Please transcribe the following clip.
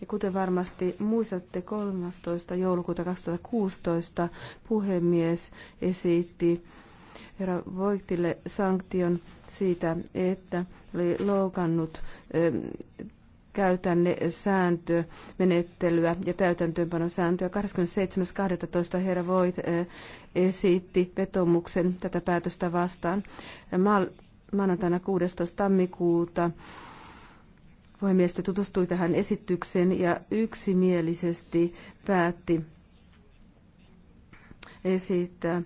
Ja kuten varmasti muistatte, 13. joulukuuta 2016 puhemies esitti herra Voigtille sanktion siitä, että oli loukannut ähm, käytänne sääntömenettelyä ja täytäntöönpanosääntöä. 27.12. herra Voit äh, esitti vetomuksen tätä päätöstä vastaan. Maanantaina 16. tammikuuta Puhemiestä tutustui tähän esitykseen ja yksimielisesti päätti esittää